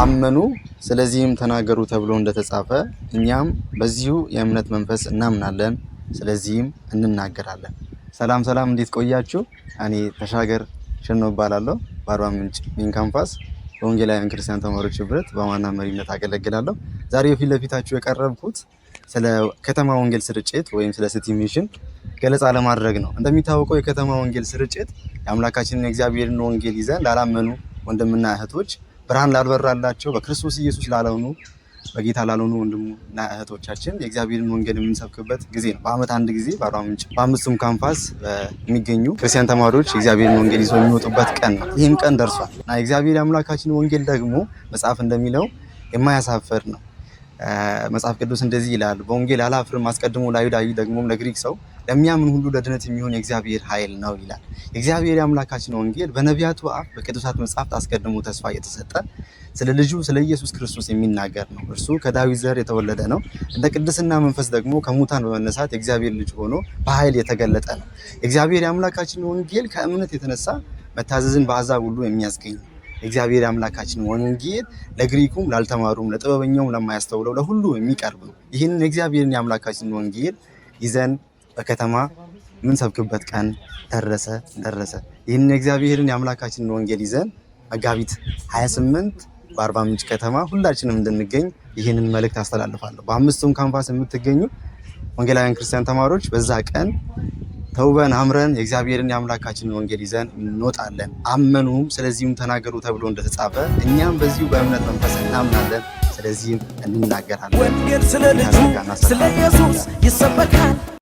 አመኑ ስለዚህም ተናገሩ ተብሎ እንደተጻፈ እኛም በዚሁ የእምነት መንፈስ እናምናለን፣ ስለዚህም እንናገራለን። ሰላም ሰላም፣ እንዴት ቆያችሁ? እኔ ተሻገር ሽኖ እባላለሁ። በአርባ ምንጭ ሜን ካምፓስ በወንጌላውያን ክርስቲያን ተማሪዎች ህብረት በዋና መሪነት አገለግላለሁ። ዛሬ በፊት ለፊታችሁ የቀረብኩት ስለ ከተማ ወንጌል ስርጭት ወይም ስለ ሲቲ ሚሽን ገለጻ ለማድረግ ነው። እንደሚታወቀው የከተማ ወንጌል ስርጭት የአምላካችንን የእግዚአብሔርን ወንጌል ይዘን ላላመኑ ወንድምና እህቶች ብርሃን ላልበራላቸው በክርስቶስ ኢየሱስ ላለሆኑ በጌታ ላለሆኑ ወንድሙና እህቶቻችን የእግዚአብሔርን ወንጌል የምንሰብክበት ጊዜ ነው። በአመት አንድ ጊዜ በአርባ ምንጭ በአምስቱም ካምፓስ የሚገኙ ክርስቲያን ተማሪዎች የእግዚአብሔርን ወንጌል ይዘው የሚወጡበት ቀን ነው። ይህም ቀን ደርሷል እና የእግዚአብሔር አምላካችን ወንጌል ደግሞ መጽሐፍ እንደሚለው የማያሳፍር ነው። መጽሐፍ ቅዱስ እንደዚህ ይላል፣ በወንጌል አላፍርም፣ አስቀድሞ ለአይሁዳዊ ደግሞ ደግሞም ለግሪክ ሰው ለሚያምን ሁሉ ለድነት የሚሆን የእግዚአብሔር ኃይል ነው ይላል። የእግዚአብሔር የአምላካችን ወንጌል በነቢያቱ አፍ በቅዱሳት መጽሐፍት አስቀድሞ ተስፋ እየተሰጠ ስለ ልጁ ስለ ኢየሱስ ክርስቶስ የሚናገር ነው። እርሱ ከዳዊት ዘር የተወለደ ነው፣ እንደ ቅድስና መንፈስ ደግሞ ከሙታን በመነሳት የእግዚአብሔር ልጅ ሆኖ በኃይል የተገለጠ ነው። የእግዚአብሔር የአምላካችን ወንጌል ከእምነት የተነሳ መታዘዝን በአሕዛብ ሁሉ የሚያስገኝ ነው። እግዚአብሔር አምላካችን ወንጌል ለግሪኩም ላልተማሩም ለጥበበኛውም ለማያስተውለው ለሁሉ የሚቀርብ ነው። ይህንን እግዚአብሔርን የአምላካችን ወንጌል ይዘን በከተማ የምንሰብክበት ቀን ደረሰ ደረሰ። ይህንን እግዚአብሔርን የአምላካችንን ወንጌል ይዘን መጋቢት 28 በአርባ ምንጭ ከተማ ሁላችንም እንድንገኝ ይህንን መልእክት አስተላልፋለሁ። በአምስቱም ካምፓስ የምትገኙ ወንጌላውያን ክርስቲያን ተማሪዎች በዛ ቀን ተውበን አምረን የእግዚአብሔርን የአምላካችንን ወንጌል ይዘን እንወጣለን። አመኑም ስለዚህም ተናገሩ ተብሎ እንደተጻፈ እኛም በዚሁ በእምነት መንፈስ እናምናለን፣ ስለዚህም እንናገራለን። ወንጌል ስለ ልጁ ስለ ኢየሱስ ይሰበካል።